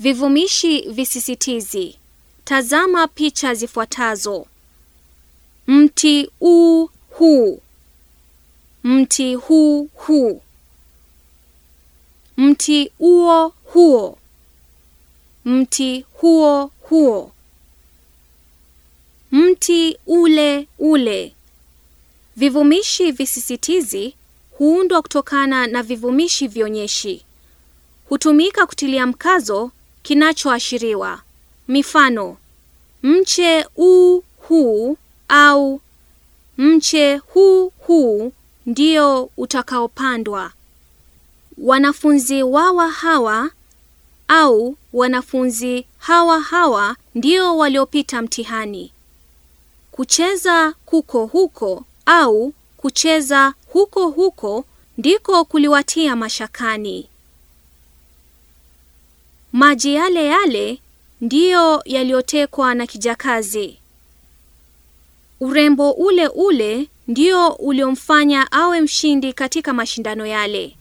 Vivumishi visisitizi. Tazama picha zifuatazo. Mti u huu. Mti hu hu Mti uo huo. Mti huo huo. Mti ule ule. Vivumishi visisitizi huundwa kutokana na vivumishi vionyeshi. Hutumika kutilia mkazo kinachoashiriwa. Mifano: mche u huu au mche huu huu ndio utakaopandwa. Wanafunzi wawa hawa au wanafunzi hawa hawa ndio waliopita mtihani. Kucheza kuko huko au kucheza huko huko ndiko kuliwatia mashakani. Maji yale yale ndiyo yaliyotekwa na kijakazi. Urembo ule ule ndio uliomfanya awe mshindi katika mashindano yale.